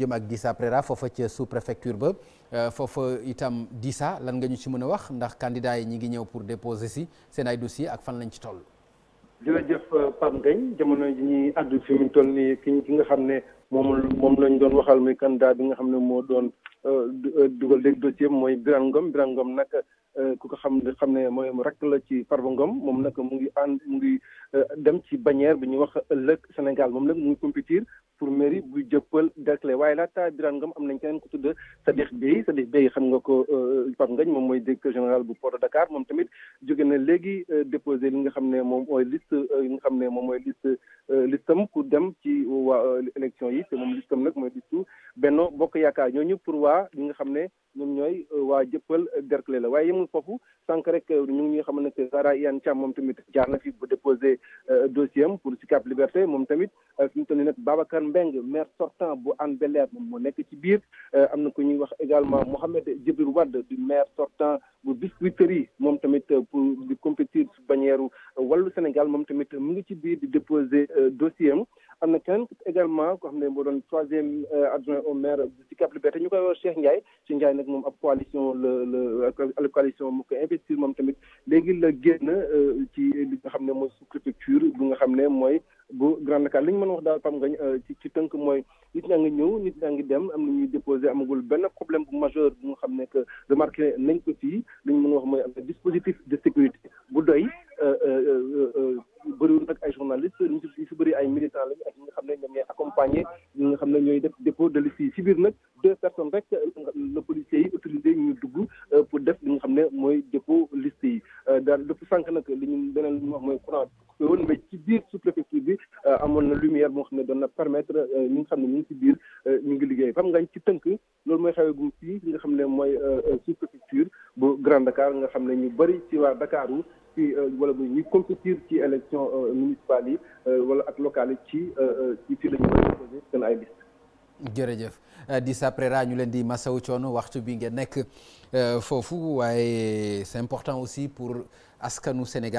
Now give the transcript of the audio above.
jëm ak Dissa Préra foofa ca sous préfecture ba euh, foofa itam Dissa lan nga ñu ci mën a wax ndax kandidaa yi ñi ngi ñëw pour déposé si seen ay dossiers ak fan lañ ci tool toll. jërëjëf euh, Pape Ngagne jamono ji ñuy àddu fi mu toll nii ki ki nga xam ne moom moom lañ doon waxal muy candidat bi nga xam ne moo doon euh, dugal léegi dossier mooy Birane Ngom Birane Ngom nag ku ko xam ne xam ne mooy rakk la ci Farba Ngom moom nag mu ngi ànd mu ngi dem ci bannière bi ñuy wax ëllëg Sénégal moom nag mu ngi compétir pour mairie bu jëppal dakle waaye laata Birane Ngom am nañ keneen ku tudd Sadikh Bey Sadikh xam nga ko euh, Pape Ngagne moom mooy directeur général bu port de Dakar moom tamit jóge na léegi euh, déposé li nga xam ne moom mooy liste euh, xam ne moom mooy liste listam ku dem ci waa élection yi te moom listam nag mooy bokk yaakaar ñooñu pour waa ñi nga xam ne ñoom ñooy euh, waa jëppal euh, Derklé la waaye yemul foofu sànq rek euh, ñu ngi ñuy xam ne que Zahra Iyane Thiam moom tamit jaar na fi bu déposé dossier am pour Sicap Liberté moom tamit fi mu toll nii nag Babacar Mbengue maire sortant bu Hann Bel-Air moom moo nekk ci biir am na ku ñuy wax également Mohamed Djibril Wade du maire sortant bu Biscuiterie moom tamit pour di compétir su bannière Wallu Sénégal moom tamit mu ngi ci biir di déposé dossier am am na keneen également ko xam ne moo doon troisième euh, adjoint au maire de Sicap Liberté ñu koy wax Cheikh Ndiaye ci Ndiaye nag moom ab coalition la la coalition mu ko investir moom tamit léegi la génn euh, ci li nga xam ne mooy sous-préfecture bu nga xam ne mooy bu Grand Dakar li ñu mën wax daal pam nga euh, ci ci tënk mooy nit ñaa ngi ñëw nit ñaa ngi dem am na ñuy déposé amagul benn problème bu majeur bu nga xam ne que remarqué nañ ko fii li ñu mën wax mooy am na dispositif de sécurité bu doy bëriwul nag ay journaliste ñu si si bëri ay militant lañu ak ñi nga xam ne ñoom ñooy accompagner ñi nga xam def dépôt de liste yi si biir nag deux personnes rek le policier yi autorisé ñu dugg euh, pour def li nga xam ne mooy dépôt liste yi euh, daal dëpp sànq nag li ñu beneen li ñu wax mooy courant bi woon ci biir sous-préfecture bi euh, amoon na lumière boo xam ne doon na permettre ñi nga xam ne ñu ngi si biir ñu ngi liggéey fam ngañ ci tënk loolu mooy xewee gum fii li nga xam ne mooy sous-préfecture bu Grand Dakar nga xam ne ñu bëri ci waa Dakaru ci euh, wala bu ñuy compétir ci élection euh, municipale yi euh, wala ak locale yi ci ci la ñu war a posé seen ay liste. jërëjëf di saprera ñu leen di masawu coono waxtu bi nga nekk foofu waaye c'est important aussi pour askanu Sénégal.